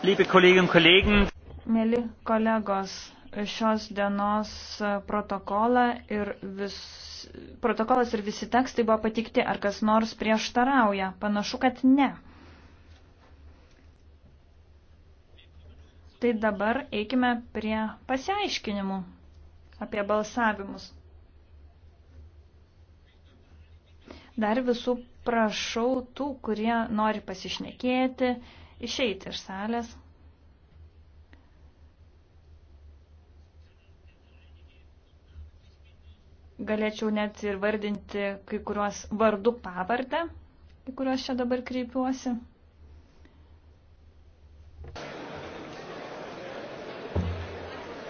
Mėly kolegos, šios dienos protokolą ir vis, protokolas ir visi tekstai buvo patikti. Ar kas nors prieštarauja? Panašu, kad ne. Tai dabar eikime prie pasiaiškinimų apie balsavimus. Dar visų prašau tų, kurie nori pasišnekėti, išeiti iš salės. Galėčiau net ir vardinti kai kuriuos vardų pavardę, į kuriuos čia dabar kreipiuosi.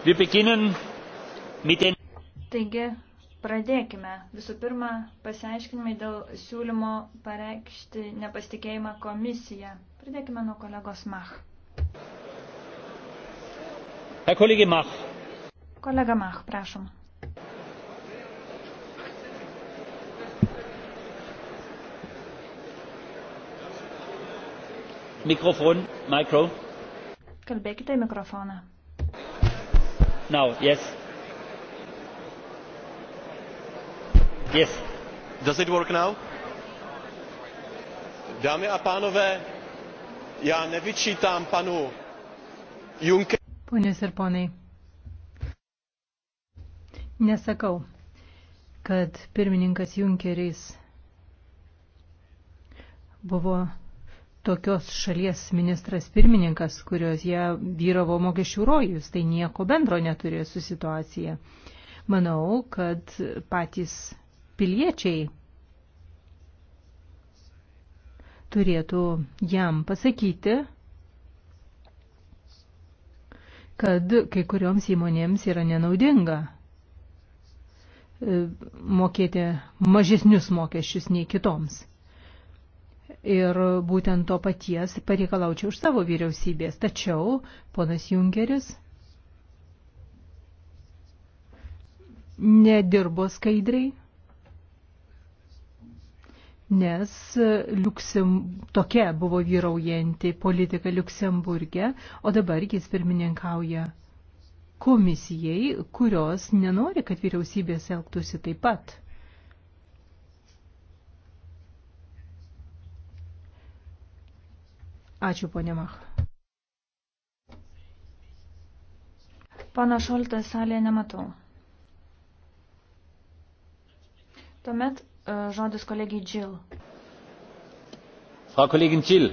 Wir beginnen mit den Taigi, Pradėkime. Visų pirma, pasiaiškinimai dėl siūlymo pareikšti nepasitikėjimą komisiją. Pradėkime nuo kolegos Mach. Herr Kollege Mach. Kolega Mach, prašom. Mikrofon, mikro. Kalbėkite į mikrofoną. Now, yes. Yes. Does it work now? Dámy a pánové, já nevyčítám panu Juncker. Ponios ir ponai, nesakau, kad pirmininkas Junkeris buvo tokios šalies ministras pirmininkas, kurios jie vyravo mokesčių rojus, tai nieko bendro neturėjo su situacija. Manau, kad patys piliečiai turėtų jam pasakyti, kad kai kurioms įmonėms yra nenaudinga e, mokėti mažesnius mokesčius nei kitoms. Ir būtent to paties pareikalaučiau iš savo vyriausybės. Tačiau ponas Junkeris nedirbo skaidriai nes e, Liuksim, tokia buvo vyraujanti politika Luksemburgė, o dabar jis pirmininkauja komisijai, kurios nenori, kad vyriausybės elgtųsi taip pat. Ačiū, ponė Mach. Pana Šoltą salėje nematau. Tuomet E, žodis kolegijai Džil. Frau kolegin Džil.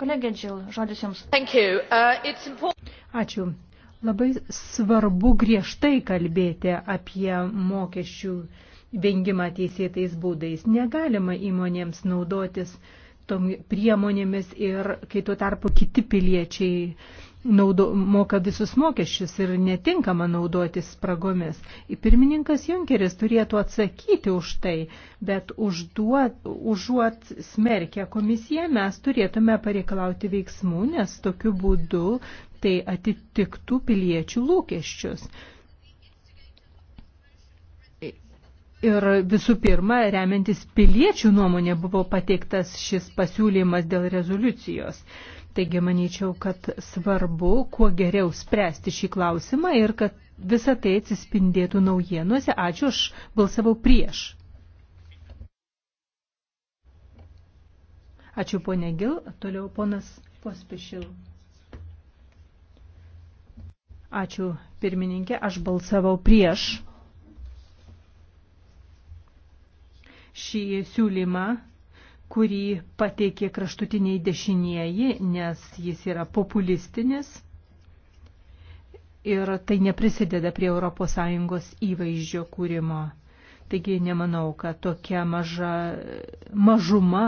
Kolegė Džil, žodis jums. Thank you. Uh, it's important... Ačiū. Labai svarbu griežtai kalbėti apie mokesčių vengimą teisėtais būdais. Negalima įmonėms naudotis tom priemonėmis ir kai tuo tarpu kiti piliečiai naudo, moka visus mokesčius ir netinkama naudotis spragomis. Pirmininkas Junkeris turėtų atsakyti už tai, bet užduot, užuot smerkę komisiją mes turėtume pareikalauti veiksmų, nes tokiu būdu tai atitiktų piliečių lūkesčius. Ir visų pirma, remiantis piliečių nuomonė buvo pateiktas šis pasiūlymas dėl rezoliucijos. Taigi manyčiau, kad svarbu kuo geriau spręsti šį klausimą ir kad visa tai atsispindėtų naujienuose. Ačiū, aš balsavau prieš. Ačiū ponė Gil, toliau ponas Pospišil. Ačiū pirmininkė, aš balsavau prieš šį siūlymą kurį pateikė kraštutiniai dešinieji, nes jis yra populistinis ir tai neprisideda prie ES įvaizdžio kūrimo. Taigi nemanau, kad tokia maža mažuma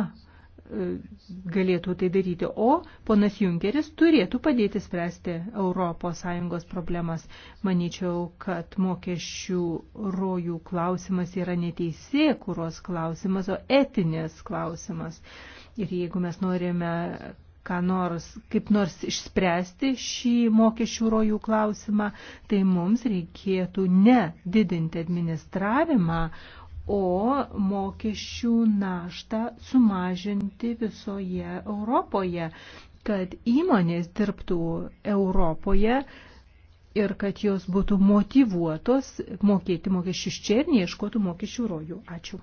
galėtų tai daryti, o ponas Junkeris turėtų padėti spręsti ES problemas. Manyčiau, kad mokesčių rojų klausimas yra neteisė, kuros klausimas, o etinės klausimas. Ir jeigu mes norime ką nors, kaip nors išspręsti šį mokesčių rojų klausimą, tai mums reikėtų ne didinti administravimą, o mokesčių naštą sumažinti visoje Europoje, kad įmonės dirbtų Europoje ir kad jos būtų motivuotos mokėti mokesčius čia ir neieškotų mokesčių rojų. Ačiū.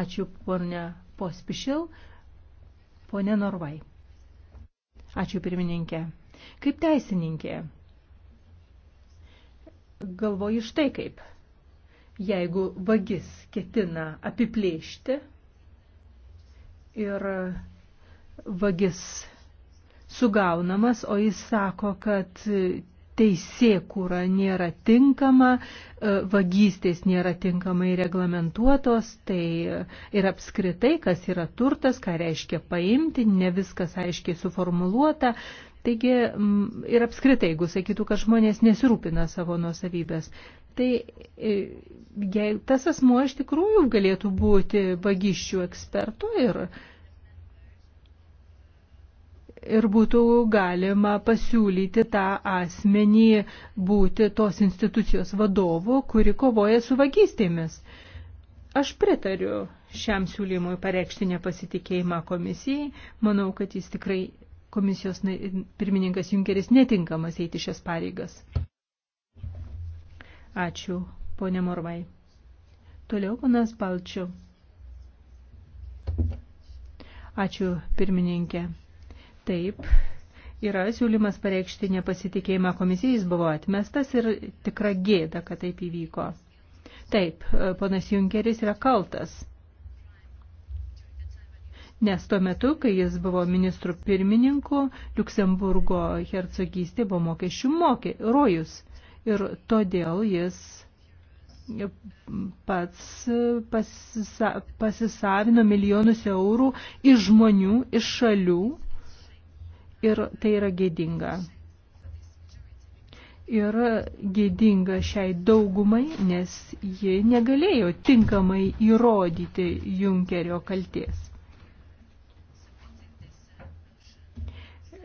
Ačiū, ponė Pospišil, ponė Norvai. Ačiū, pirmininkė. Kaip teisininkė, galvoju štai kaip – jeigu vagis ketina apiplėšti ir vagis sugaunamas, o jis sako, kad teisėkūra nėra tinkama, e, vagystės nėra tinkamai reglamentuotos, tai ir apskritai, kas yra turtas, ką reiškia paimti, ne viskas aiškiai suformuluota, Taigi ir apskritai, jeigu sakytų, kad žmonės nesirūpina savo nuosavybės, tai e, jei, tas asmuo iš tikrųjų galėtų būti vagiščių ekspertų ir, ir būtų galima pasiūlyti tą asmenį būti tos institucijos vadovu, kuri kovoja su vagystėmis. Aš pritariu šiam siūlymui pareikšti nepasitikėjimą komisijai. Manau, kad jis tikrai komisijos pirmininkas Junkeris netinkamas eiti šias pareigas. Ačiū, ponė Morvai. Toliau ponas Palčiu. Ačiū, pirmininkė. Taip, yra siūlymas pareikšti nepasitikėjimą komisijai, jis buvo atmestas ir tikra gėda, kad taip įvyko. Taip, ponas Junkeris yra kaltas nes tuo metu, kai jis buvo ministru pirmininku, Luksemburgo hercogystė buvo mokesčių mokė, rojus. Ir todėl jis pats pasisa, pasisavino milijonus eurų iš žmonių, iš šalių ir tai yra gėdinga. Yra gėdinga šiai daugumai, nes ji negalėjo tinkamai įrodyti Junkerio kalties.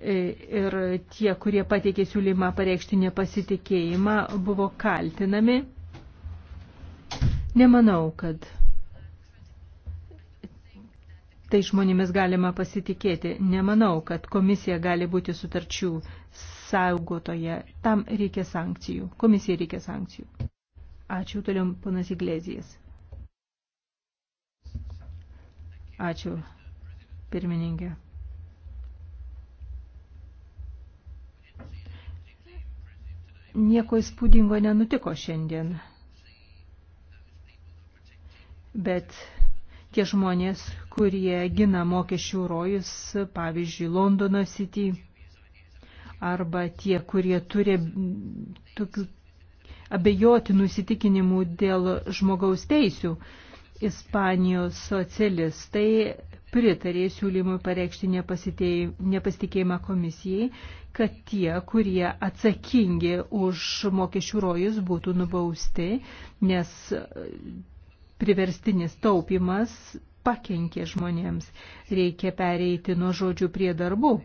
E, ir tie, kurie pateikė siūlymą pareikšti nepasitikėjimą, buvo kaltinami. Nemanau, kad tai žmonėmis galima pasitikėti. Nemanau, kad komisija gali būti sutarčių saugotoje. Tam reikia sankcijų. Komisija reikia sankcijų. Ačiū toliau, ponas Iglesijas. Ačiū, pirmininkė. nieko įspūdingo nenutiko šiandien. Bet tie žmonės, kurie gina mokesčių rojus, pavyzdžiui, Londono City, arba tie, kurie turi tokių abejotinų įsitikinimų dėl žmogaus teisių, Ispanijos socialistai pritarė siūlymui pareikšti nepasitikėjimą komisijai, kad tie, kurie atsakingi už mokesčių rojus, būtų nubausti, nes e, priverstinis taupimas pakenkė žmonėms. Reikia pereiti nuo žodžių prie darbų.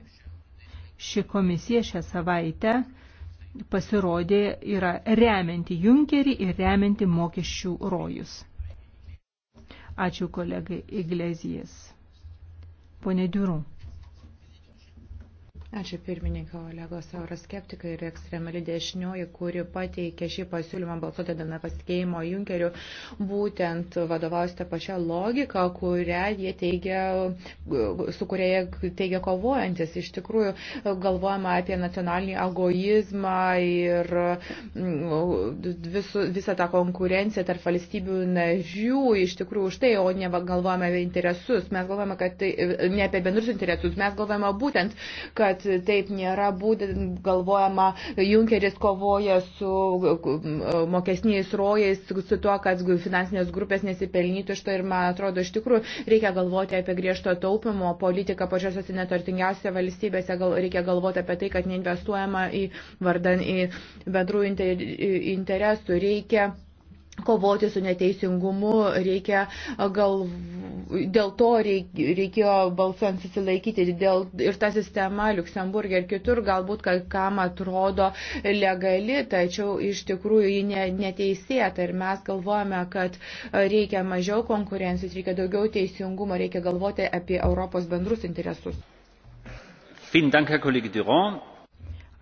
Ši komisija šią savaitę pasirodė yra remianti Junkerį ir remianti mokesčių rojus. Ačiū kolegai Iglesijas. Pone Diurų. Ačiū pirmininko Olegos euroskeptikai ir ekstremali dešinioji, kuri pateikė šį pasiūlymą balsuoti dėl nepasikeimo Junkeriu, būtent vadovausite pačią logiką, kurią jie teigia, su kuria jie teigia kovojantis. Iš tikrųjų, galvojama apie nacionalinį egoizmą ir mm, visu, visą tą konkurenciją tarp valstybių narių, iš tikrųjų už tai, o ne galvojame apie interesus. Mes galvojame, kad tai ne apie bendrus interesus, mes galvojame būtent, kad kad taip nėra būtent galvojama, Junkeris kovoja su e, mokesniais rojais, su tuo, kad finansinės grupės nesipelnytų iš to ir, man atrodo, iš tikrųjų reikia galvoti apie griežto taupimo politiką pačiosiuose neturtingiausiose valstybėse, gal, reikia galvoti apie tai, kad neinvestuojama į vardan į bendrų inter, interesų. Reikia kovoti su neteisingumu, reikia gal, dėl to reik, reikėjo balsuojant susilaikyti dėl, ir ta sistema Luksemburgė ir kitur galbūt kai kam atrodo legali, tačiau iš tikrųjų ji ne, neteisėta ir mes galvojame, kad reikia mažiau konkurencijos, reikia daugiau teisingumo, reikia galvoti apie Europos bendrus interesus.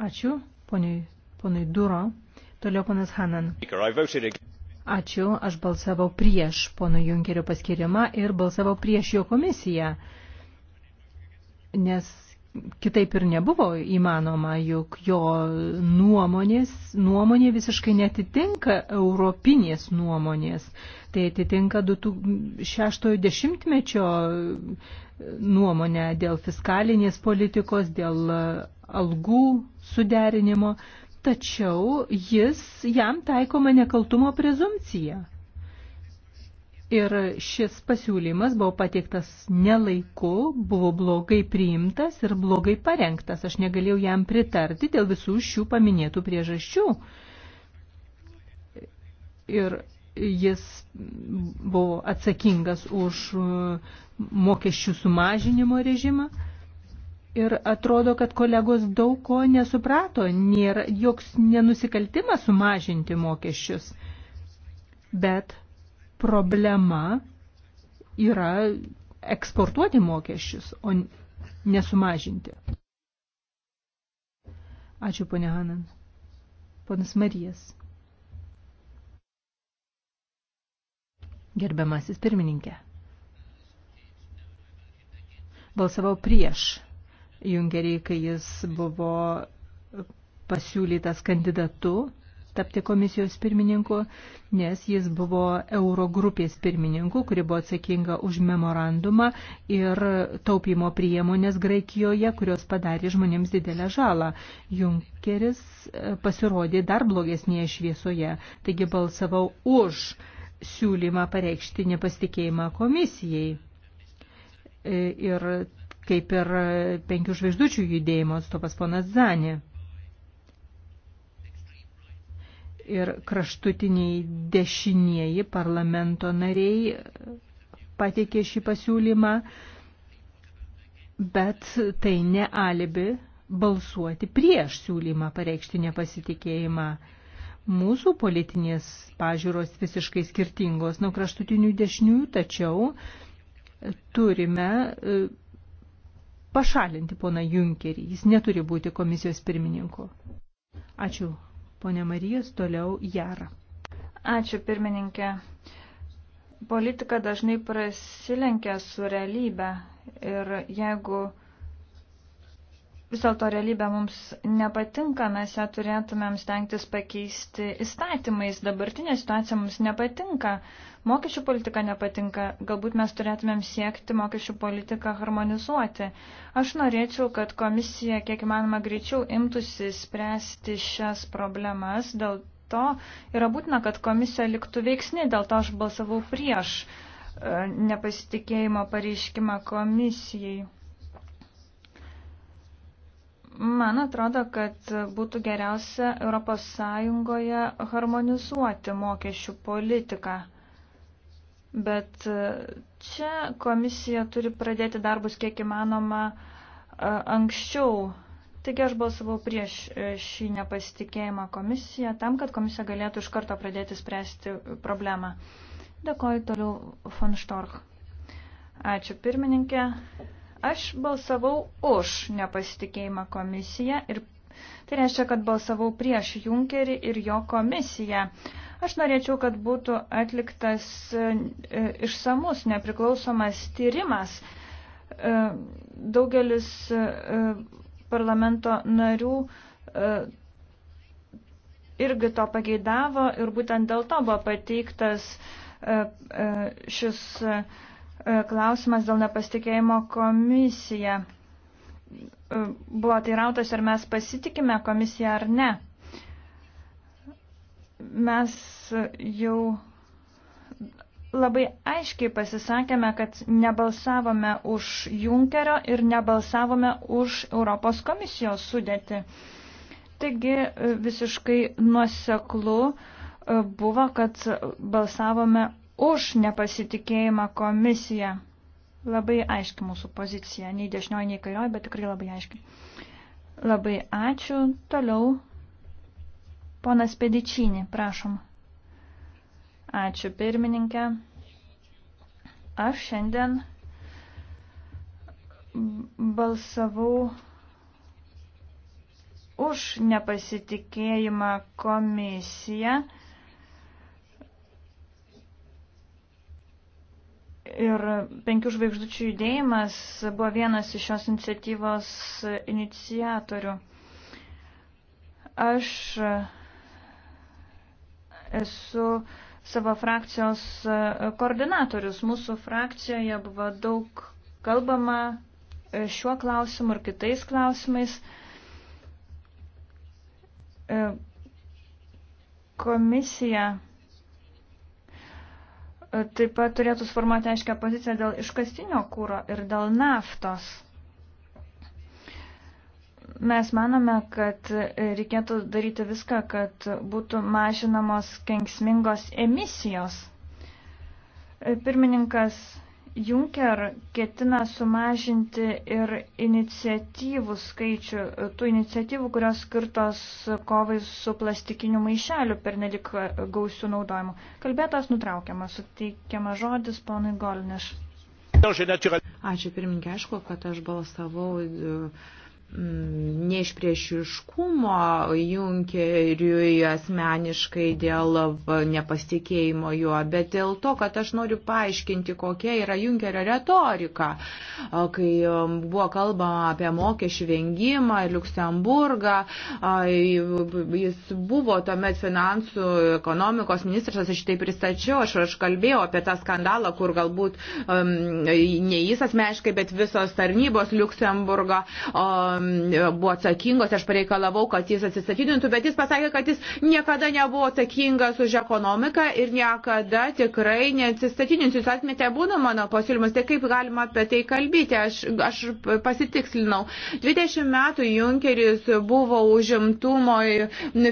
Ačiū, poniai, poniai Duro. Toliau ponas Hanan. Ačiū, aš balsavau prieš pono Junkerio paskirimą ir balsavau prieš jo komisiją, nes kitaip ir nebuvo įmanoma, juk jo nuomonės, nuomonė visiškai netitinka europinės nuomonės. Tai atitinka 60-mečio nuomonę dėl fiskalinės politikos, dėl algų suderinimo tačiau jis jam taikoma nekaltumo prezumcija. Ir šis pasiūlymas buvo pateiktas nelaiku, buvo blogai priimtas ir blogai parengtas. Aš negalėjau jam pritarti dėl visų šių paminėtų priežasčių. Ir jis buvo atsakingas už mokesčių sumažinimo režimą. Ir atrodo, kad kolegos daug ko nesuprato, nėra joks nenusikaltimas sumažinti mokesčius. Bet problema yra eksportuoti mokesčius, o nesumažinti. Ačiū, ponė Hanan. Ponas Marijas. Gerbiamasis pirmininkė. Balsavau prieš Junkerį, kai jis buvo pasiūlytas kandidatu tapti komisijos pirmininku, nes jis buvo Eurogrupės pirmininku, kuri buvo atsakinga už memorandumą ir taupimo priemonės Graikijoje, kurios padarė žmonėms didelę žalą. Junkeris e, pasirodė dar blogesnėje šviesoje, taigi balsavau už siūlymą pareikšti nepasitikėjimą komisijai. E, ir kaip ir penkių žvaigždučių judėjimo atstovas ponas Zanė. Ir kraštutiniai dešinieji parlamento nariai pateikė šį pasiūlymą, bet tai ne alibi balsuoti prieš siūlymą pareikšti nepasitikėjimą. Mūsų politinės pažiūros visiškai skirtingos nuo kraštutinių dešiniųjų, tačiau turime pašalinti poną Junkerį. Jis neturi būti komisijos pirmininku. Ačiū, ponė Marijas, toliau Jara. Ačiū, pirmininkė. Politika dažnai prasilenkia su realybė ir jeigu vis dėlto realybė mums nepatinka, mes ją turėtumėm stengtis pakeisti įstatymais. Dabartinė situacija mums nepatinka. Uh, Mokesčių politika nepatinka, galbūt mes turėtumėm siekti mokesčių politiką harmonizuoti. Aš norėčiau, kad komisija kiek įmanoma greičiau imtųsi spręsti šias problemas, dėl to yra būtina, kad komisija liktų veiksni, dėl to aš balsavau prieš e, nepasitikėjimo pareiškimą komisijai. Man atrodo, kad būtų geriausia ES harmonizuoti mokesčių politiką. Bet e, čia komisija turi pradėti darbus kiek įmanoma e, anksčiau. Taigi aš balsavau prieš e, šį nepasitikėjimą komisiją, tam, kad komisija galėtų iš karto pradėti spręsti problemą. Dėkoju toliau von Štorch. Ačiū pirmininkė. Aš balsavau už nepasitikėjimą komisiją ir tai reiškia, kad balsavau prieš Junkerį ir jo komisiją. Uh, Aš norėčiau, kad būtų atliktas e, e, išsamus, nepriklausomas tyrimas. E, daugelis parlamento narių irgi to pageidavo ir būtent dėl to buvo pateiktas šis klausimas dėl nepasitikėjimo komisija. Buvo tai rautas, ar mes pasitikime komisiją ar ne mes jau labai aiškiai pasisakėme, kad nebalsavome už Junkerio ir nebalsavome už Europos komisijos sudėti. Taigi visiškai nuoseklu e, buvo, kad balsavome už nepasitikėjimą komisiją. Labai aiški mūsų pozicija, nei dešinioji, nei kairioji, bet tikrai labai aiški. Labai ačiū. Toliau Ponas Pedičinį, prašom. Ačiū pirmininkė. Aš šiandien balsavau už nepasitikėjimą komisiją ir penkių žvaigždučių judėjimas buvo vienas iš šios iniciatyvos iniciatorių. Aš esu savo frakcijos e, koordinatorius. Mūsų frakcijoje buvo daug kalbama e, šiuo klausimu ir kitais klausimais. E, komisija taip pat turėtų sformuoti aiškę poziciją dėl iškastinio kūro ir dėl naftos. Mes manome, kad reikėtų daryti viską, kad būtų mažinamos kenksmingos emisijos. Pirmininkas Juncker ketina sumažinti ir iniciatyvų skaičių, tų iniciatyvų, kurios skirtos kovai su plastikiniu maišeliu per nelik gausių naudojimu. Kalbėtas nutraukiamas, suteikiamas žodis ponui Golniš. Ačiū pirmininkė, aišku, kad aš balsavau. Uh, Mm, neišpriešiškumo Junkeriui asmeniškai dėl nepasitikėjimo juo, bet dėl to, kad aš noriu paaiškinti, kokia yra Junkerio retorika, kai um, buvo kalbama apie mokesčių vengimą ir Luksemburgą. Jis buvo tuomet finansų ekonomikos ministras, aš tai pristačiau, aš, aš kalbėjau apie tą skandalą, kur galbūt um, ne jis asmeniškai, bet visos tarnybos Luksemburgo. Um, buvo atsakingos, aš pareikalavau, kad jis atsistatydintų, bet jis pasakė, kad jis niekada nebuvo atsakingas už ekonomiką ir niekada tikrai neatsistatydins. Jūs atmetė būna mano pasiūlymus, tai kaip galima apie tai kalbėti, aš, aš pasitikslinau. 20 metų Junkeris buvo užimtumo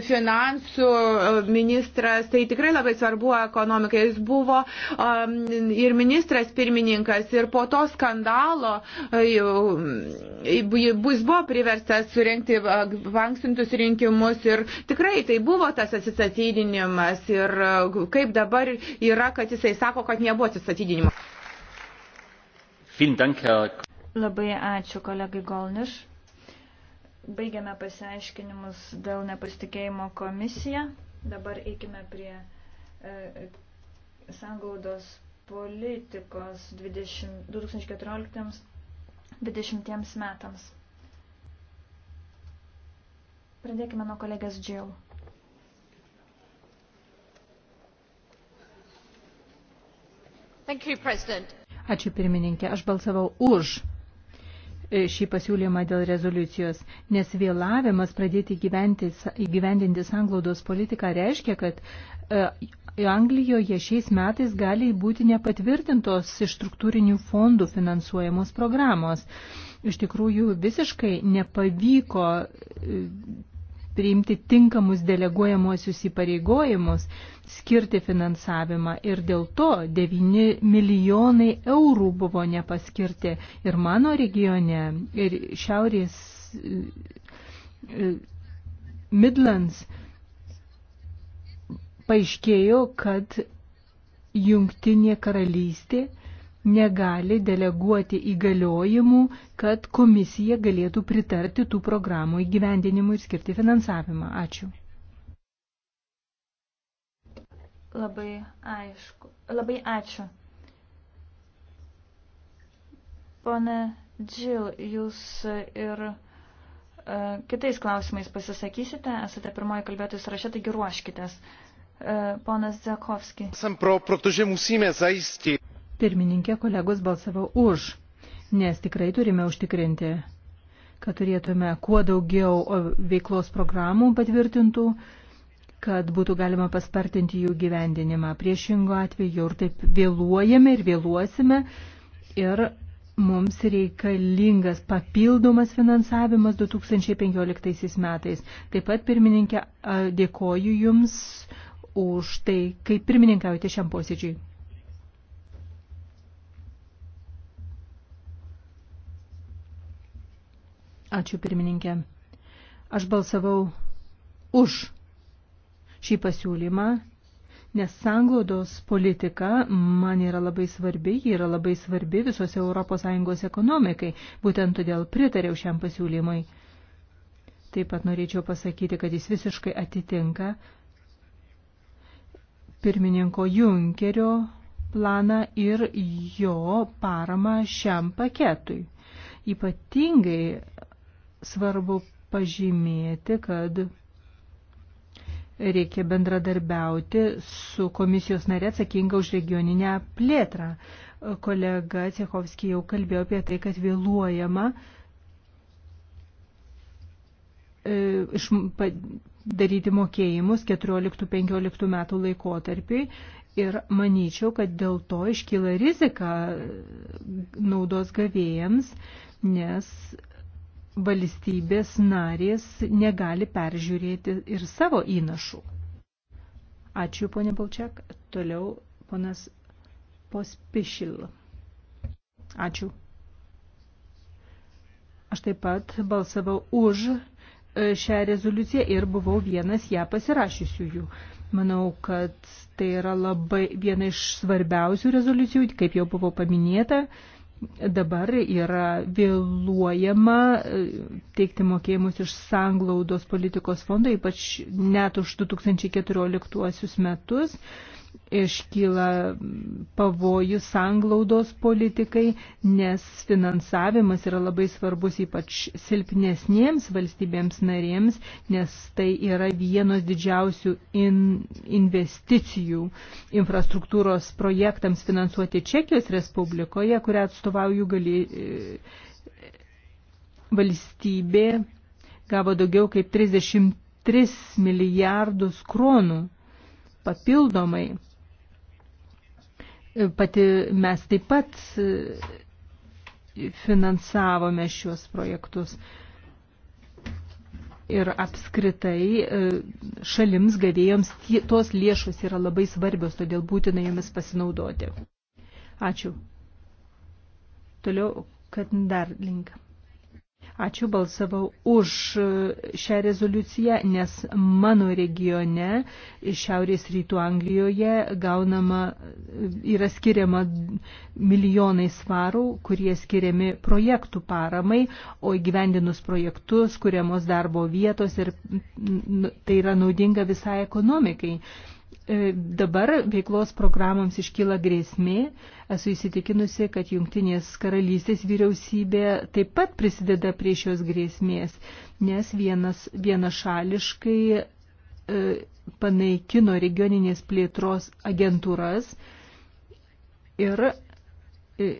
finansų e, ministras, tai tikrai labai svarbu ekonomikai. Jis buvo um, ir ministras pirmininkas, ir po to skandalo e, jis buvo buvo priverstas surenkti vanksintus rinkimus ir tikrai tai buvo tas atsistatydinimas ir kaip dabar yra, kad jisai sako, kad nebuvo atsistatydinimo. Labai ačiū kolegai Golniš. Baigiame pasiaiškinimus dėl nepasitikėjimo komisiją. Dabar eikime prie e, e sanglaudos politikos 20, 2014 20 metams. Pradėkime nuo kolegės Džiau. Ačiū pirmininkė. Aš balsavau už e, šį pasiūlymą dėl rezoliucijos, nes vėlavimas pradėti įgyvendinti sanglaudos politiką reiškia, kad e, Anglijoje šiais metais gali būti nepatvirtintos iš struktūrinių fondų finansuojamos programos. Iš tikrųjų, visiškai nepavyko e, priimti tinkamus deleguojamuosius įpareigojimus, skirti finansavimą ir dėl to 9 milijonai eurų buvo nepaskirti ir mano regione, ir šiaurės e, e, Midlands paaiškėjo, kad jungtinė karalystė negali deleguoti įgaliojimų, kad komisija galėtų pritarti tų programų įgyvendinimui ir skirti finansavimą. Ačiū. Labai aišku. Labai ačiū. Pone Džil, jūs ir e, kitais klausimais pasisakysite, esate pirmoji kalbėtojų sąraše, taigi ruoškitės. E, ponas Zekovski. Jsem pro, protože musíme zajistit pirmininkė kolegos balsavo už, nes tikrai turime užtikrinti, kad turėtume kuo daugiau veiklos programų patvirtintų, kad būtų galima paspartinti jų gyvendinimą. Priešingo atveju ir taip vėluojame ir vėluosime ir mums reikalingas papildomas finansavimas 2015 metais. Taip pat, pirmininkė, dėkoju Jums už tai, kaip pirmininkaujate šiam posėdžiui. Ačiū pirmininkė. Aš balsavau už šį pasiūlymą, nes sanglaudos politika man yra labai svarbi, ji yra labai svarbi visose ES ekonomikai, būtent todėl pritariau šiam pasiūlymui. Taip pat norėčiau pasakyti, kad jis visiškai atitinka pirmininko Junkerio planą ir jo paramą šiam paketui. Ypatingai svarbu pažymėti, kad reikia bendradarbiauti su komisijos narė atsakinga už regioninę plėtrą. Kolega Cechovskij jau kalbėjo apie tai, kad vėluojama e, iš, daryti mokėjimus 14-15 metų laikotarpiui ir manyčiau, kad dėl to iškyla rizika naudos gavėjams, nes valstybės narės negali peržiūrėti ir savo įnašų. Ačiū, ponė Balčiak. Toliau ponas Pospišil. Ačiū. Aš taip pat balsavau už e, šią rezoliuciją ir buvau vienas ją pasirašysiųjų. Manau, kad tai yra labai viena iš svarbiausių rezoliucijų, kaip jau buvo paminėta dabar yra vėluojama e, teikti mokėjimus iš sanglaudos politikos fondo, ypač net už 2014 metus iškyla pavojus sanglaudos politikai, nes finansavimas yra labai svarbus ypač silpnesniems valstybėms narėms, nes tai yra vienos didžiausių in investicijų infrastruktūros projektams finansuoti Čekijos Respublikoje, kurią atstovauju gali e, valstybė gavo daugiau kaip 33 milijardus kronų papildomai Pati mes taip pat e, finansavome šiuos projektus. Ir apskritai e, šalims gavėjoms tos lėšos yra labai svarbios, todėl būtina jomis pasinaudoti. Ačiū. Toliau, kad dar linkam. Ačiū balsavau už šią rezoliuciją, nes mano regione, Šiaurės rytų Anglijoje, gaunama, yra skiriama milijonai svarų, kurie skiriami projektų paramai, o įgyvendinus projektus, kuriamos darbo vietos ir tai yra naudinga visai ekonomikai. E, dabar veiklos programoms iškyla grėsmė. Esu įsitikinusi, kad Junktinės karalystės vyriausybė taip pat prisideda prie šios grėsmės, nes vienas, vienašališkai e, panaikino regioninės plėtros agentūras ir e,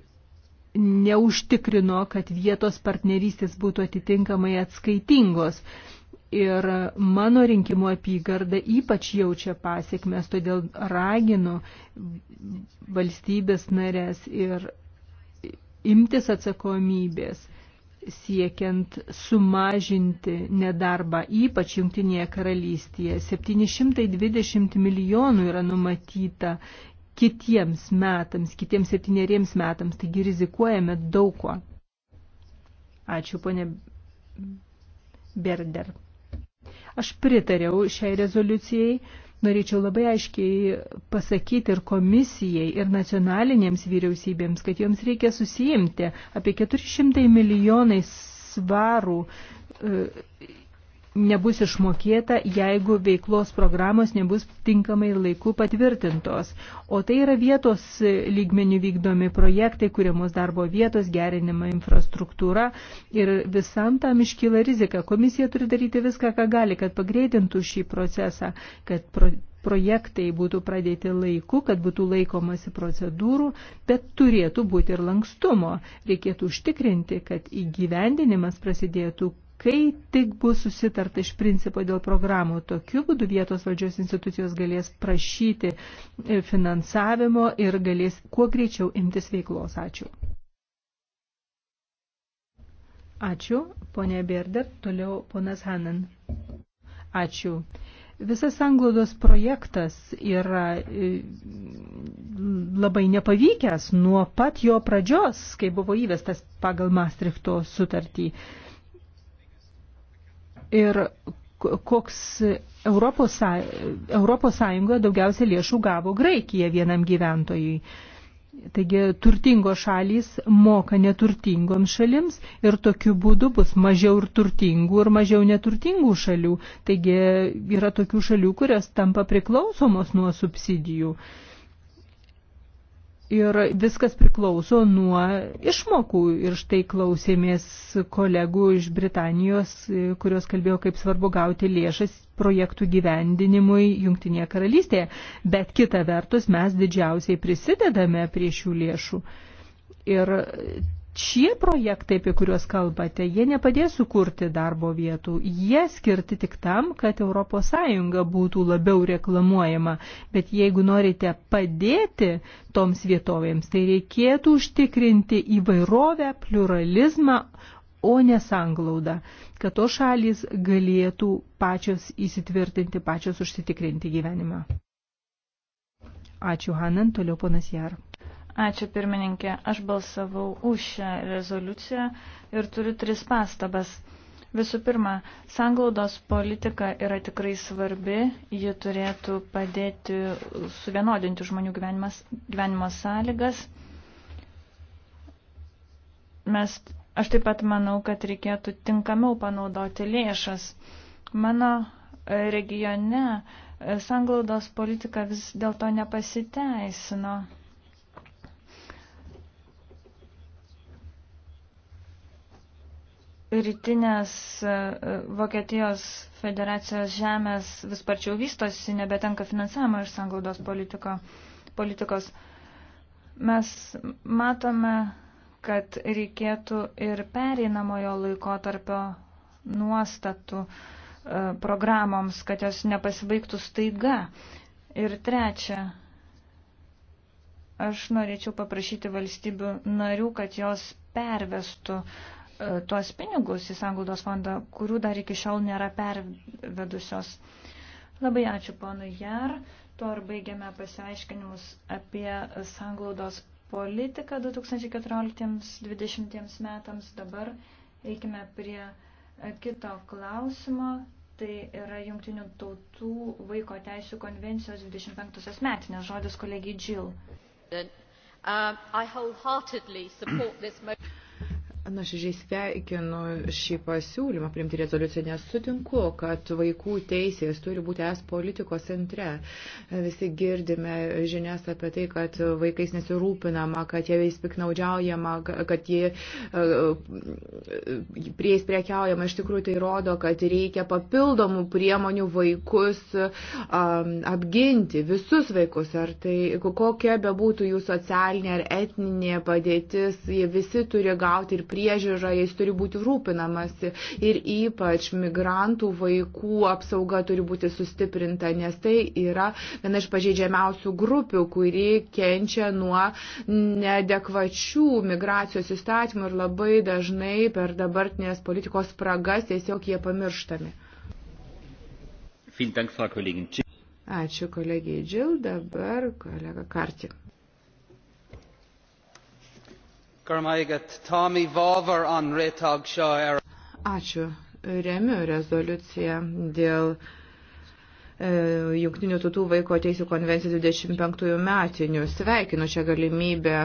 neužtikrino, kad vietos partnerystės būtų atitinkamai atskaitingos. E, ir mano rinkimų apygarda ypač jaučia pasiekmes, todėl raginu valstybės narės ir imtis atsakomybės siekiant sumažinti nedarbą, ypač Junktinėje karalystėje. 720 milijonų yra numatyta kitiems metams, kitiems septyneriems metams, taigi rizikuojame daug ko. Ačiū, ponė Berder. Aš pritariau šiai rezoliucijai. Norėčiau labai aiškiai pasakyti ir komisijai, ir nacionalinėms vyriausybėms, kad joms reikia susijimti apie 400 milijonai svarų e, nebus išmokėta, jeigu veiklos programos nebus tinkamai laiku patvirtintos. O tai yra vietos lygmenių vykdomi projektai, kuriamos darbo vietos, gerinima infrastruktūra ir visam tam iškyla rizika. Komisija turi daryti viską, ką gali, kad pagreitintų šį procesą, kad pro projektai būtų pradėti laiku, kad būtų laikomasi procedūrų, bet turėtų būti ir lankstumo. Reikėtų užtikrinti, kad įgyvendinimas prasidėtų Kai tik bus susitarta iš principo dėl programų, tokiu būdu vietos valdžios institucijos galės prašyti e, finansavimo ir galės kuo greičiau imtis veiklos. Ačiū. Ačiū, ponė Berder, toliau ponas Hanan. Ačiū. Visas anglodos projektas yra e, labai nepavykęs nuo pat jo pradžios, kai buvo įvestas pagal Maastrichto sutartį ir koks Europos, Europos Sąjungoje daugiausia lėšų gavo Graikija vienam gyventojui. Taigi turtingos šalys moka neturtingoms šalims ir tokiu būdu bus mažiau ir turtingų ir mažiau neturtingų šalių. Taigi yra tokių šalių, kurios tampa priklausomos nuo subsidijų. Uh, Ir viskas priklauso nuo išmokų. Ir štai klausėmės kolegų iš Britanijos, kurios kalbėjo, kaip svarbu gauti lėšas projektų gyvendinimui Junktinėje karalystėje. Bet kita vertus, mes didžiausiai prisidedame prie šių lėšų. Ir šie projektai, apie kuriuos kalbate, jie nepadės sukurti darbo vietų. Jie skirti tik tam, kad ES būtų labiau reklamuojama. Bet jeigu norite padėti toms vietovėms, tai reikėtų užtikrinti įvairovę, pluralizmą, o ne sanglaudą, kad to šalis galėtų pačios įsitvirtinti, pačios užsitikrinti gyvenimą. Ačiū Hanan, toliau ponas Jar. Ačiū pirmininkė. Aš balsavau už šią rezoliuciją ir turiu tris pastabas. Visų pirma, sanglaudos politika yra tikrai svarbi, ji turėtų padėti suvienodinti žmonių gyvenimo sąlygas. Mes, aš taip pat manau, kad reikėtų tinkamiau panaudoti lėšas. Mano regione sanglaudos politika vis dėlto nepasiteisino. rytinės e, e, Vokietijos federacijos žemės vis parčiau vystosi, nebetenka finansavimo iš sanglaudos politiko, politikos. Mes matome, kad reikėtų ir pereinamojo laikotarpio nuostatų e, programoms, kad jos nepasibaigtų staiga. Ir trečia, aš norėčiau paprašyti valstybių narių, kad jos pervestų uh, E, tuos pinigus į sanglaudos fondą, kurių dar iki šiol nėra pervedusios. Labai ačiū ponui Jar. Tuo ir baigiame pasiaiškinimus apie sanglaudos politiką 2014-2020 metams. Dabar eikime prie kito klausimo. Tai yra Junktinių tautų vaiko teisų konvencijos 25 metinės žodis kolegijai Džil. Uh, Nuoširdžiai sveikinu šį pasiūlymą priimti rezoliuciją, nes sutinku, kad vaikų teisės turi būti es politikos centre. Visi girdime žinias apie tai, kad vaikais nesirūpinama, kad jie vis piknaudžiaujama, kad jie e, prie jais prekiaujama. Iš tikrųjų tai rodo, kad reikia papildomų priemonių vaikus apginti, visus vaikus, ar tai kokia bebūtų jų socialinė ar etninė padėtis, jie visi turi gauti ir priemonių priežiūra, jais turi būti rūpinamasi ir ypač migrantų vaikų apsauga turi būti sustiprinta, nes tai yra viena iš pažeidžiamiausių grupių, kuri kenčia nuo nedekvačių migracijos įstatymų ir labai dažnai per dabartinės politikos spragas tiesiog jie pamirštami. Vielen Dank, Frau Kollegin. Ačiū kolegijai Džil, dabar kolega Karti. Ačiū. Remiu rezoliuciją dėl e, Junktinių tautų vaiko teisų konvencijos 25 metinių. Sveikinu čia galimybę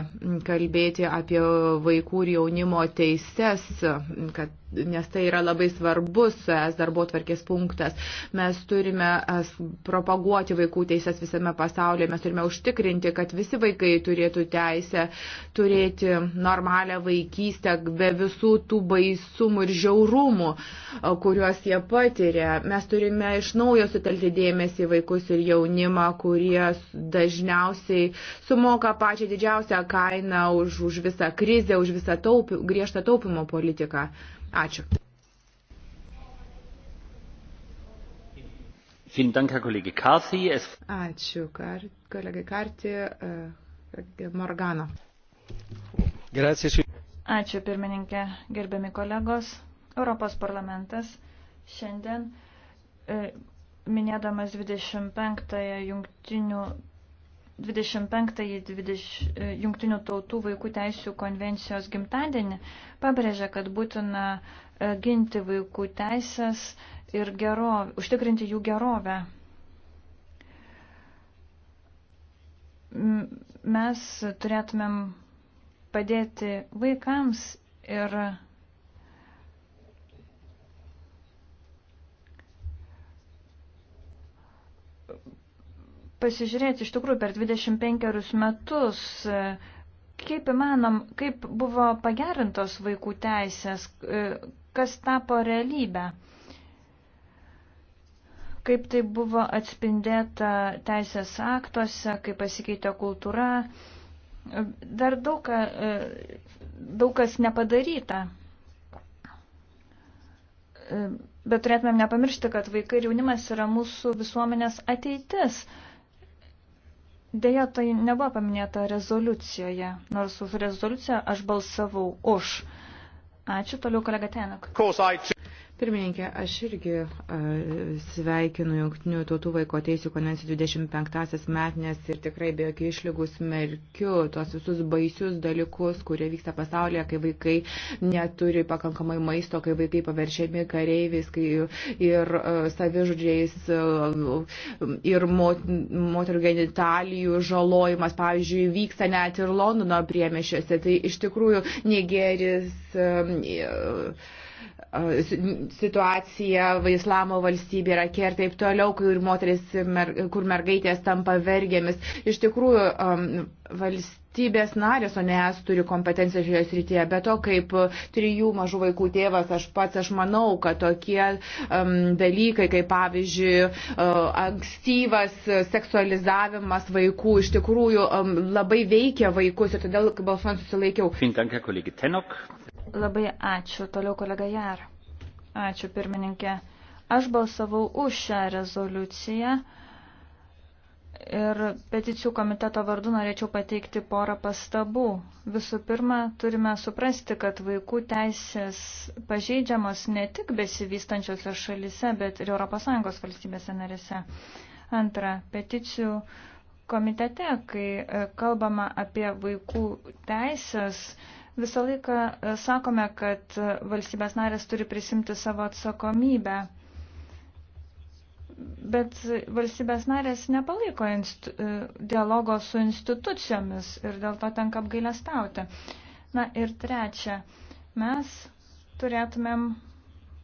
kalbėti apie vaikų ir jaunimo teises, kad nes tai yra labai svarbus es darbo tvarkės punktas. Mes turime propaguoti vaikų teisės visame pasaulyje, mes turime užtikrinti, kad visi vaikai turėtų teisę turėti normalią vaikystę be visų tų baisumų ir žiaurumų, kuriuos jie patiria. Mes turime iš naujo sutelti dėmesį vaikus ir jaunimą, kurie dažniausiai sumoka pačią didžiausią kainą už, už visą krizę, už visą taupi, griežtą taupimo politiką. Ačiū. Ačiū kolegai Karti, e, Morgano. Ačiū pirmininkė, gerbiami kolegos. Europos parlamentas šiandien e, minėdamas 25-ąją jungtinių 25-ąjį 20, Junktinių tautų vaikų teisų konvencijos gimtadienį pabrėžia, kad būtina e, ginti vaikų teisės ir gerov, užtikrinti jų gerovę. Mes turėtumėm padėti vaikams ir pasižiūrėti iš tikrųjų per 25 metus, e, kaip įmanom, kaip buvo pagerintos vaikų teisės, e, kas tapo realybę, kaip tai buvo atspindėta teisės aktuose, kaip pasikeitė kultūra. E, dar daug, ką, daug kas nepadaryta. Bet turėtumėm nepamiršti, kad vaikai ir jaunimas yra mūsų visuomenės ateitis. Deja, tai nebuvo paminėta rezoliucijoje, nors už rezoliuciją aš balsavau už. Ačiū toliau, kolega Tenek. Pirmininkė, aš irgi a, sveikinu Junktinių tautų vaiko teisų konvencijos 25-asias metinės ir tikrai be jokių išlygų smerkiu tuos visus baisius dalykus, kurie vyksta pasaulyje, kai vaikai neturi pakankamai maisto, kai vaikai paveršiami kareiviais kai ir a, savižudžiais a, ir mot, moterų genitalijų žalojimas, pavyzdžiui, vyksta net ir Londono priemešėse. Tai iš tikrųjų Nigeris. A, a, situacija Vaislamo valstybė, Irake ir taip toliau, kur, moteris, kur mergaitės tampa vergėmis. Iš tikrųjų, valstybė valstybės narės, o ne es turi kompetenciją šioje srityje. Be to, kaip trijų mažų vaikų tėvas, aš pats aš manau, kad tokie um, dalykai, kaip pavyzdžiui, uh, ankstyvas seksualizavimas vaikų iš tikrųjų um, labai veikia vaikus ir todėl balsuojant susilaikiau. Labai ačiū. Toliau kolega Jar. Ačiū pirmininkė. Aš balsavau už šią rezoliuciją. Ir peticijų komiteto vardu norėčiau pateikti porą pastabų. Visų pirma, turime suprasti, kad vaikų teisės pažeidžiamos ne tik besivystančiose šalise, bet ir ES valstybėse narėse. Antra, peticijų komitete, kai e, kalbama apie vaikų teisės, visą laiką e, sakome, kad e, valstybės narės turi prisimti savo atsakomybę Bet valstybės narės nepalaiko e, dialogo su institucijomis ir dėl to tenka apgailestauti. Na ir trečia, mes turėtumėm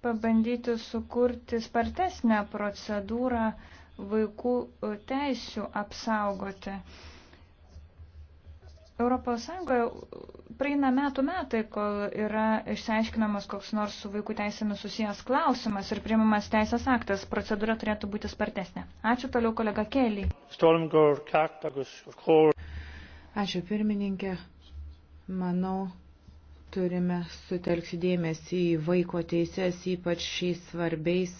pabandyti sukurti spartesnę procedūrą vaikų teisių apsaugoti. Europos Sąjungoje praeina metų metai, kol yra išsiaiškinamas koks nors su vaikų teisėmis susijęs klausimas ir priimamas teisės aktas. Procedūra turėtų būti spartesnė. Ačiū toliau kolega Kelly. Ačiū pirmininkė. Manau, turime sutelkti dėmesį į vaiko teises, ypač šiais svarbiais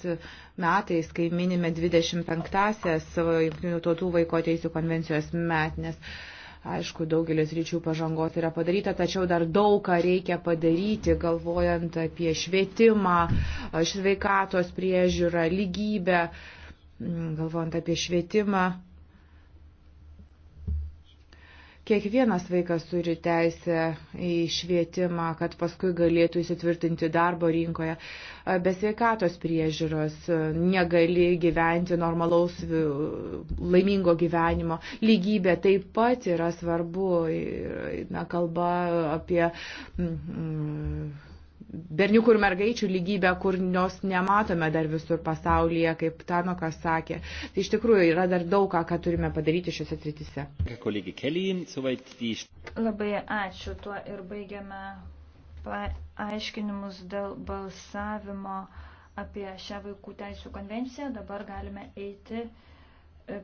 metais, kai minime 25-asias Junktinių tautų vaiko teisų konvencijos metnes. Aišku, daugelis ryčių pažangos yra padaryta, tačiau dar daug ką reikia padaryti, galvojant apie švietimą, sveikatos priežiūrą, lygybę, mm, galvojant apie švietimą Kiekvienas vaikas turi teisę į švietimą, kad paskui galėtų įsitvirtinti darbo rinkoje. Be sveikatos priežiūros negali gyventi normalaus laimingo gyvenimo. Lygybė taip pat yra svarbu. Na, kalba apie. Mm, berniukų ir mergaičių lygybę, kur jos nematome dar visur pasaulyje, kaip Tanokas sakė. Tai iš tikrųjų yra dar daug ką, ką turime padaryti šiuose sritise. Labai ačiū, tuo ir baigiame paaiškinimus dėl balsavimo apie šią vaikų teisų konvenciją. Dabar galime eiti e,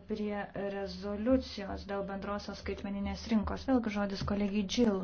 prie rezoliucijos dėl bendrosios skaitmeninės rinkos. Vėlgi žodis kolegijai Džil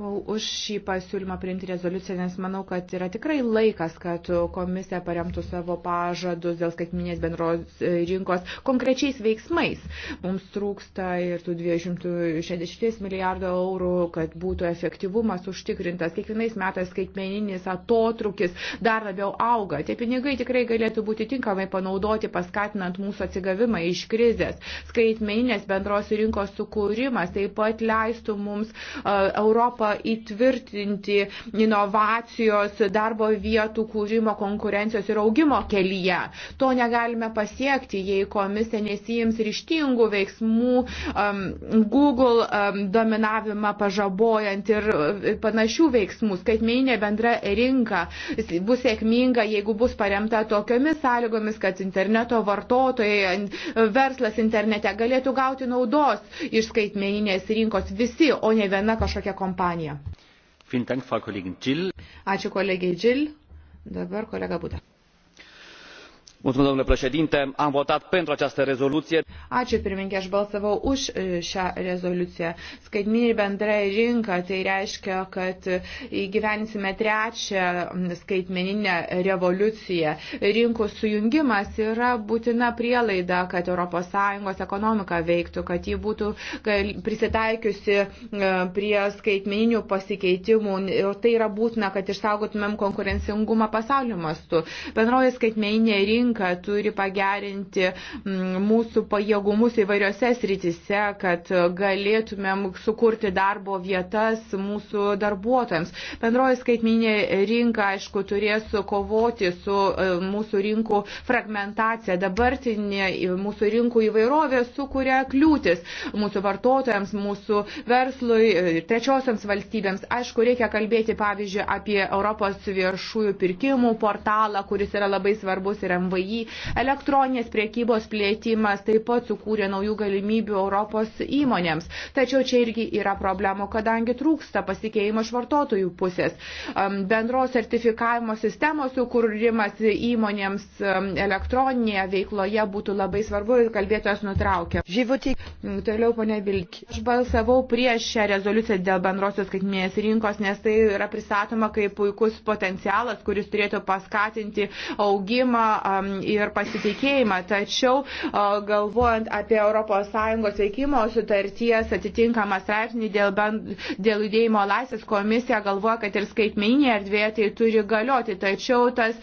pasisakau už šį pasiūlymą priimti rezoliuciją, nes manau, kad yra tikrai laikas, kad komisija paremtų savo pažadus dėl skaitminės bendros e, rinkos konkrečiais veiksmais. Mums trūksta ir tų 260 milijardo eurų, kad būtų efektyvumas užtikrintas. Kiekvienais metais skaitmeninis atotrukis dar labiau auga. Tie pinigai tikrai galėtų būti tinkamai panaudoti, paskatinant mūsų atsigavimą iš krizės. Skaitmeninės bendros rinkos sukūrimas taip pat leistų mums uh, Europą pavyko įtvirtinti inovacijos, darbo vietų kūrimo, konkurencijos ir augimo kelyje. To negalime pasiekti, jei komisija nesijims ryštingų veiksmų um, Google um, dominavimą pažabojant ir panašių veiksmų. Skaitmeninė bendra rinka bus sėkminga, jeigu bus paremta tokiomis sąlygomis, kad interneto vartotojai, verslas internete galėtų gauti naudos iš skaitmeninės rinkos visi, o ne viena kažkokia kompanija. Ispaniją. Ačiū kolegiai Džil. Dabar kolega Būda domnule președinte am votat pentru această rezoliuție. ačiū pirmininke aš balsavau už e, šią rezoliuciją. skaitmeninė bendra rinka tai reiškia kad įgyvensime trečią skaitmeninę revoliuciją. rinkų sujungimas yra būtina prielaida kad europos sąjungos ekonomika veiktų kad ji būtų prisitaikiusi e, prie skaitmeninių pasikeitimų ir tai yra būtina kad išsaugotumėm konkurencingumą pasaulio mastu. bendroji skaitmeninė rinka rinka turi pagerinti mm, mūsų pajėgumus įvairiose sritise, kad galėtumėm sukurti darbo vietas mūsų darbuotojams. Bendroji skaitminė rinka, aišku, turės kovoti su e, mūsų rinkų fragmentacija. Dabartinė e, mūsų rinkų įvairovė sukuria kliūtis mūsų vartotojams, mūsų verslui, e, trečiosiams valstybėms. Aišku, reikia kalbėti, pavyzdžiui, apie Europos viešųjų pirkimų portalą, kuris yra labai svarbus ir MVI MVI, elektroninės priekybos plėtimas taip pat sukūrė naujų galimybių Europos įmonėms. Tačiau čia irgi yra problemų, kadangi trūksta pasikeimo iš vartotojų pusės. Bendros sertifikavimo sistemos sukūrimas įmonėms elektroninėje veikloje būtų labai svarbu ir kalbėtojas nutraukė. Životį. Mm, toliau, ponė Vilki. Aš balsavau prieš šią rezoliuciją dėl bendrosios skaitminės rinkos, nes tai yra pristatoma kaip puikus potencialas, kuris turėtų paskatinti augimą, ir pasitikėjimą. Tačiau galvojant apie ES veikimo sutarties atitinkamą straipsnį dėl, bend, dėl judėjimo laisvės, komisija galvoja, kad ir skaitmeninė erdvė tai turi galioti. Tačiau tas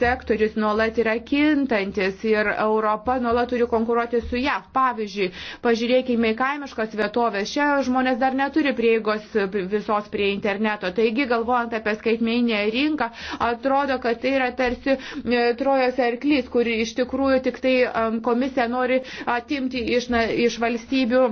sektorius nuolat yra kintantis ir Europa nuolat turi konkuruoti su JAV. Pavyzdžiui, pažiūrėkime į kaimiškas vietovės. Čia žmonės dar neturi prieigos visos prie interneto. Taigi, galvojant apie skaitmeninę rinką, atrodo, kad tai yra tarsi e, trojose arklys, kurį iš tikrųjų tik tai um, komisija nori atimti iš, na, iš valstybių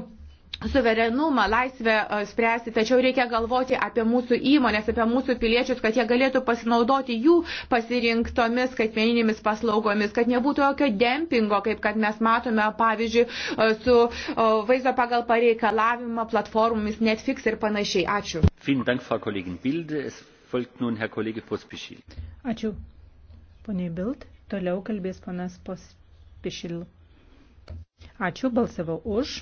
suverenumą, laisvę uh, spręsti, tačiau reikia galvoti apie mūsų įmonės, apie mūsų piliečius, kad jie galėtų pasinaudoti jų pasirinktomis skaitmeninėmis paslaugomis, kad nebūtų jokio dempingo, kaip kad mes matome, pavyzdžiui, uh, su uh, vaizdo pagal pareikalavimą platformomis Netflix ir panašiai. Ačiū. Ačiū. Pone Bild. Toliau kalbės ponas Pospišil. Ačiū, balsavau už.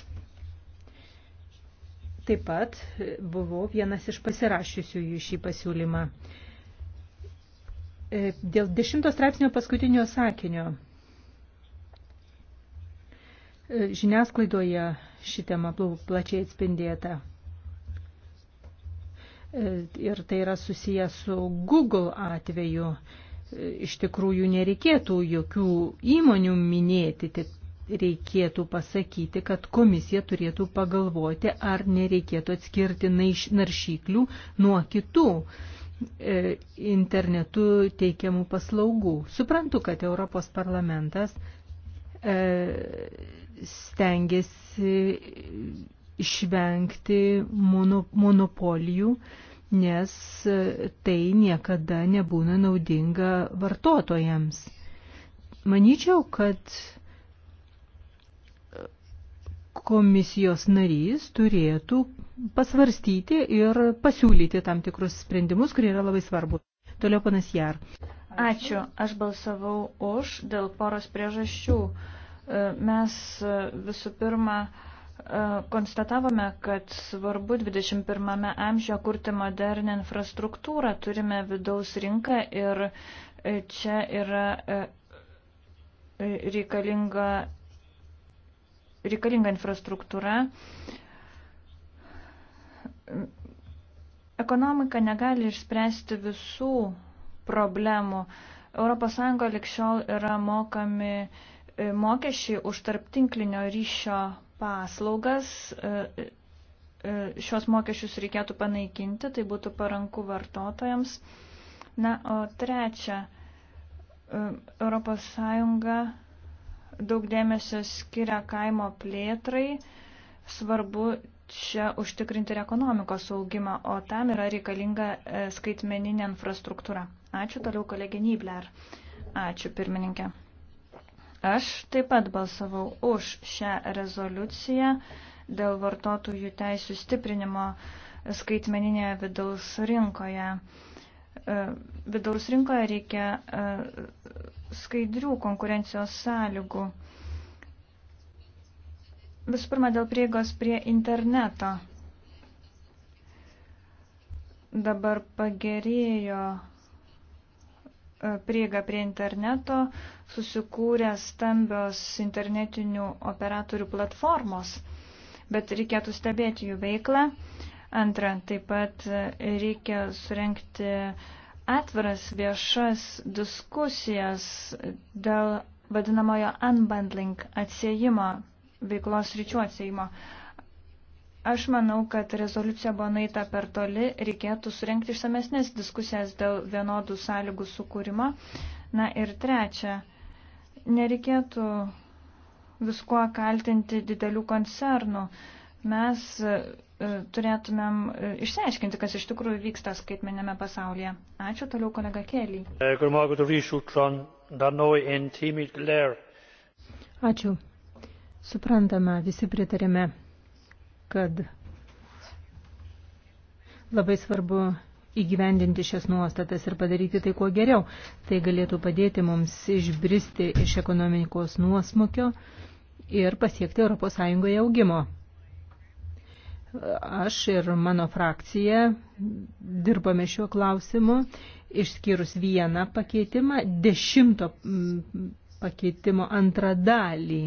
Taip pat buvau vienas iš pasirašysių į šį pasiūlymą. E, dėl dešimto straipsnio paskutinio sakinio. E, žiniasklaidoje ši tema plačiai atspindėta. E, ir tai yra susiję su Google atveju iš tikrųjų nereikėtų jokių įmonių minėti, tik reikėtų pasakyti, kad komisija turėtų pagalvoti, ar nereikėtų atskirti naršyklių nuo kitų e, internetu teikiamų paslaugų. Suprantu, kad Europos parlamentas e, stengiasi išvengti monopolijų nes e, tai niekada nebūna naudinga vartotojams. Manyčiau, kad e, komisijos narys turėtų pasvarstyti ir pasiūlyti tam tikrus sprendimus, kurie yra labai svarbu. Toliau panas Jar. Ačiū. Aš balsavau už dėl poros priežasčių. E, mes visų pirma E, konstatavome, kad svarbu 21-ame amžiuje kurti modernę infrastruktūrą, turime vidaus rinką ir e, čia yra e, reikalinga, reikalinga infrastruktūra. Ekonomika negali išspręsti visų problemų. ES likščiol yra mokami mokesčiai už tarptinklinio ryšio paslaugas. E, e, e, šios mokesčius reikėtų panaikinti, tai būtų paranku vartotojams. Na, o trečia, ES daug dėmesio skiria kaimo plėtrai, svarbu čia užtikrinti ir ekonomikos augimą, o tam yra reikalinga skaitmeninė infrastruktūra. Ačiū toliau kolegė Nybler. Ačiū pirmininkė. Aš taip pat balsavau už šią rezoliuciją dėl vartotojų teisų stiprinimo skaitmeninėje vidaus rinkoje. E, vidaus rinkoje reikia e, skaidrių konkurencijos sąlygų. Visų pirma, dėl prieigos prie interneto. Dabar pagerėjo E, prieigą prie interneto susikūrė stambios internetinių operatorių platformos, bet reikėtų stebėti jų veiklą. Antra, taip pat e, reikia surenkti atviras viešas diskusijas dėl vadinamojo unbundling atsiejimo, veiklos ryčių atsiejimo. Uh, Aš manau, kad rezoliucija buvo naita per toli, reikėtų surinkti išsamesnės diskusijas dėl vienodų sąlygų sukūrimo. Na ir trečia, nereikėtų viskuo kaltinti didelių koncernų. Mes e, turėtumėm e, išsiaiškinti, kas iš tikrųjų vyksta skaitmenėme pasaulyje. Ačiū toliau kolega Kelly. Ačiū. Suprantama, visi pritarėme kad labai svarbu įgyvendinti šias nuostatas ir padaryti tai kuo geriau. Tai galėtų padėti mums išbristi iš ekonomikos nuosmukio ir pasiekti ES augimo. Aš ir mano frakcija dirbame šiuo klausimu, išskyrus vieną pakeitimą, dešimto pakeitimo antrą dalį.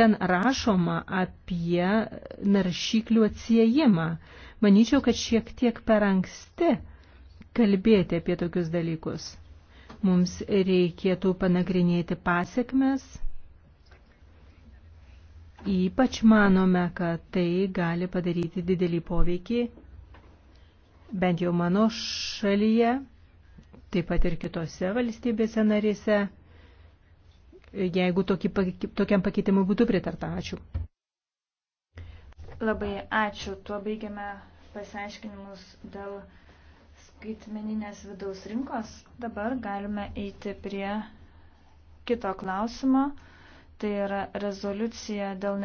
Ten rašoma apie naršyklių atsiejimą. Manyčiau, kad šiek tiek per anksti kalbėti apie tokius dalykus. Mums reikėtų panagrinėti pasiekmes. Ypač manome, kad tai gali padaryti didelį poveikį, bent jau mano šalyje, taip pat ir kitose valstybėse narėse jeigu tokį, tokiam pakeitimui būtų pritarta. Ačiū. Labai ačiū. Tuo baigiame pasiaiškinimus dėl skaitmeninės vidaus rinkos. Dabar galime eiti prie kito klausimo. Tai yra rezoliucija dėl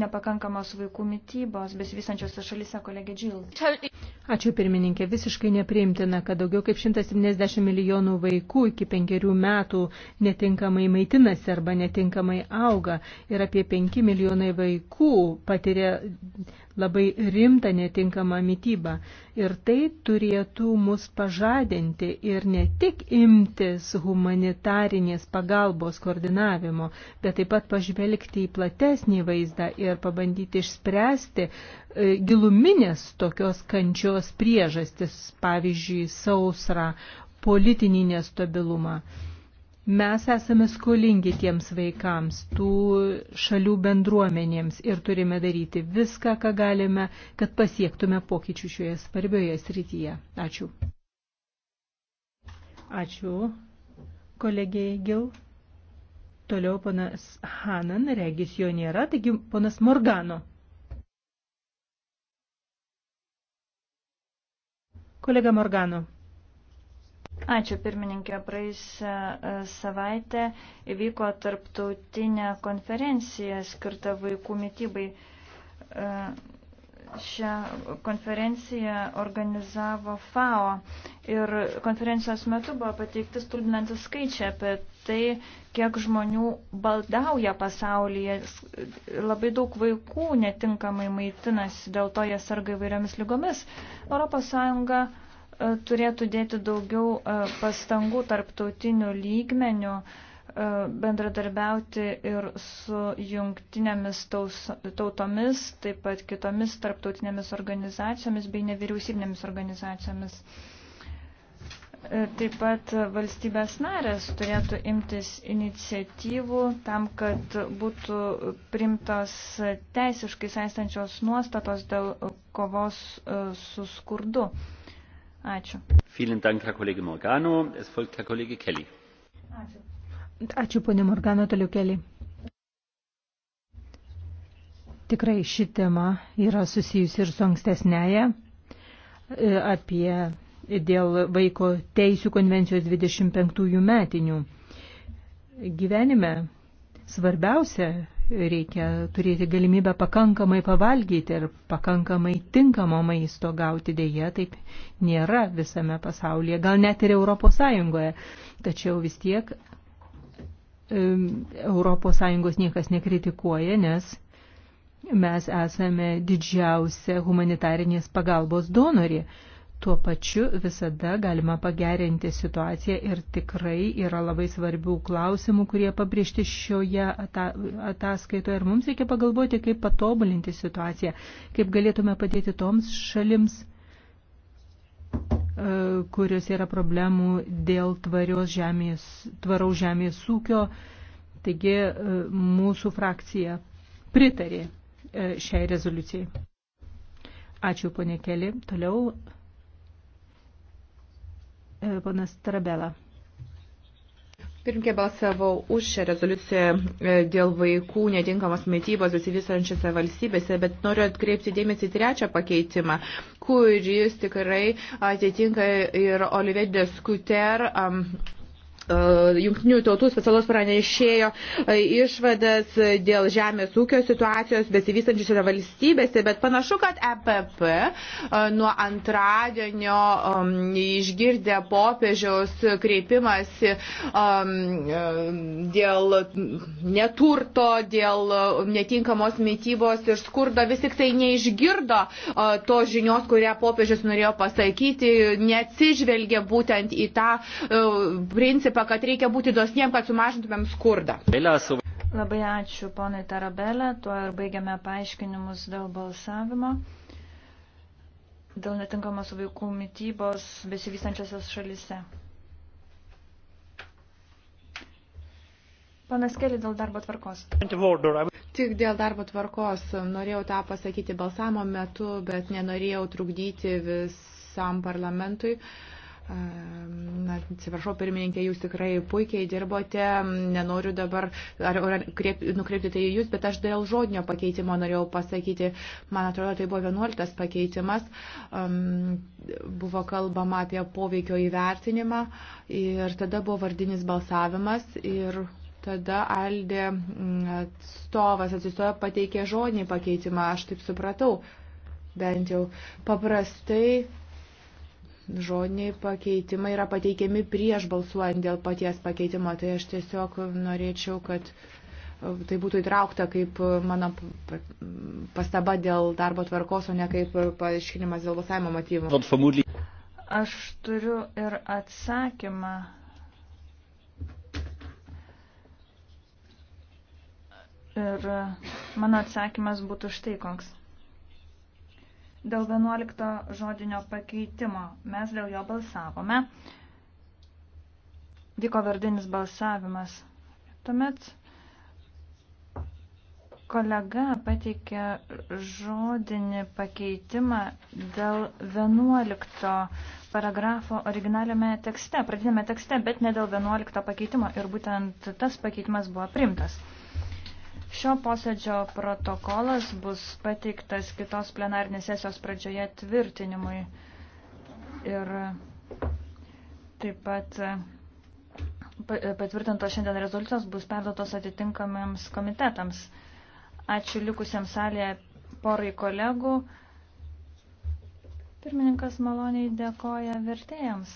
nepakankamos vaikų mytybos besivysančiose šalyse, kolegė Džil. Ačiū pirmininkė. Visiškai nepriimtina, kad daugiau kaip 170 milijonų vaikų iki penkerių metų netinkamai maitinasi arba netinkamai auga ir apie 5 milijonai vaikų patiria labai rimtą netinkamą mytybą. Ir tai turėtų mus pažadinti ir ne tik imtis humanitarinės pagalbos koordinavimo, bet taip pat pažvelgti į platesnį vaizdą ir pabandyti išspręsti e, giluminės tokios kančios priežastis, pavyzdžiui, sausrą, politinį nestabilumą. Mes esame skolingi tiems vaikams, tų šalių bendruomenėms ir turime daryti viską, ką galime, kad pasiektume pokyčių šioje svarbioje srityje. Ačiū. Ačiū, kolegiai Gil. Toliau ponas Hanan, regis jo nėra, taigi ponas Morgano. Kolega Morgano. Ačiū pirmininkė. Praėjusią e, savaitę įvyko tarptautinė konferencija skirta vaikų mytybai. E, šią konferenciją organizavo FAO ir konferencijos metu buvo pateikti stulbinantis skaičiai apie tai, kiek žmonių baldauja pasaulyje. Labai daug vaikų netinkamai maitinasi, dėl to jie sarga įvairiomis lygomis. ES E, turėtų dėti daugiau e, pastangų tarptautinių lygmenių e, bendradarbiauti ir su jungtinėmis taus, tautomis, taip pat kitomis tarptautinėmis organizacijomis bei nevyriausybinėmis organizacijomis. Taip pat valstybės narės turėtų imtis iniciatyvų tam, kad būtų primtos teisiškai saistančios nuostatos dėl kovos su skurdu. Ačiū. Dank, Morgano. Es folgt, Kelly. Ačiū. Ačiū, ponė Morgano, toliau keli. Tikrai ši tema yra susijusi ir su ankstesnėje e, apie dėl vaiko teisų konvencijos 25 metinių. Gyvenime svarbiausia reikia turėti galimybę pakankamai pavalgyti ir pakankamai tinkamo maisto gauti dėje, taip nėra visame pasaulyje, gal net ir Europos Sąjungoje, tačiau vis tiek Europos Sąjungos niekas nekritikuoja, nes mes esame didžiausia humanitarinės pagalbos donorė. Tuo pačiu visada galima pagerinti situaciją ir tikrai yra labai svarbių klausimų, kurie pabrėžti šioje ataskaitoje. Ir mums reikia pagalvoti, kaip patobulinti situaciją, kaip galėtume padėti toms šalims e, kurios yra problemų dėl tvarios žemės, tvaraus žemės ūkio. Taigi e, mūsų frakcija pritarė e, šiai rezoliucijai. Ačiū, ponė Keli. Toliau ponas Trabela. Pirmkė balsavau už šią rezoliuciją e, dėl vaikų netinkamos mytybos besivysančiose valstybėse, bet noriu atkreipti dėmesį į trečią pakeitimą, kuris tikrai atitinka ir Olivedės Kuter. Um, E, Junktinių tautų specialos pranešėjo e, išvadas dėl žemės ūkio situacijos besivystančiose valstybėse, bet panašu, kad EPP e, nuo antradienio um, išgirdė popiežiaus kreipimasi um, dėl neturto, dėl netinkamos mytybos ir skurdo, vis tik tai neišgirdo uh, to žinios, kurią popiežius norėjo pasakyti, neatsižvelgė būtent į tą uh, principą principą, kad reikia būti dosniem, kad sumažintumėm skurdą. Labai ačiū ponai Tarabelė, tuo ir baigiame paaiškinimus dėl balsavimo. Dėl netinkamos vaikų mytybos besivystančiosios šalise. Panas Keli dėl darbo tvarkos. Tik dėl darbo tvarkos. Norėjau tą pasakyti balsavimo metu, bet nenorėjau trukdyti visam parlamentui. Uh, Ehm, na, atsiprašau, pirmininkė, jūs tikrai puikiai dirbote, nenoriu dabar ar, ar kreip, nukreipti tai jūs, bet aš dėl žodinio pakeitimo norėjau pasakyti, man atrodo, tai buvo 11 pakeitimas, um, buvo kalbama apie poveikio įvertinimą ir tada buvo vardinis balsavimas ir tada Aldė mm, atstovas atsistojo pateikė žodinį pakeitimą, aš taip supratau, bent jau paprastai žodiniai pakeitimai yra pateikiami prieš balsuojant dėl paties pakeitimo. Tai aš tiesiog norėčiau, kad e, tai būtų įtraukta kaip e, mano pastaba dėl darbo tvarkos, o ne kaip e, paaiškinimas dėl balsavimo motyvų. Aš turiu ir atsakymą. Ir mano atsakymas būtų štai koks. Dėl 11 žodinio pakeitimo mes dėl jo balsavome. Vyko vardinis balsavimas. Tuomet kolega pateikė žodinį pakeitimą dėl 11 paragrafo originaliame tekste, pradinėme tekste, bet ne dėl 11 pakeitimo ir būtent tas pakeitimas buvo primtas. Šio posėdžio protokolas bus pateiktas kitos plenarnės sesijos pradžioje tvirtinimui. Ir taip pat e, e, patvirtintos šiandien rezultatos bus perduotos atitinkamiems komitetams. Ačiū likusiems salėje porai kolegų. Pirmininkas maloniai dėkoja vertėjams.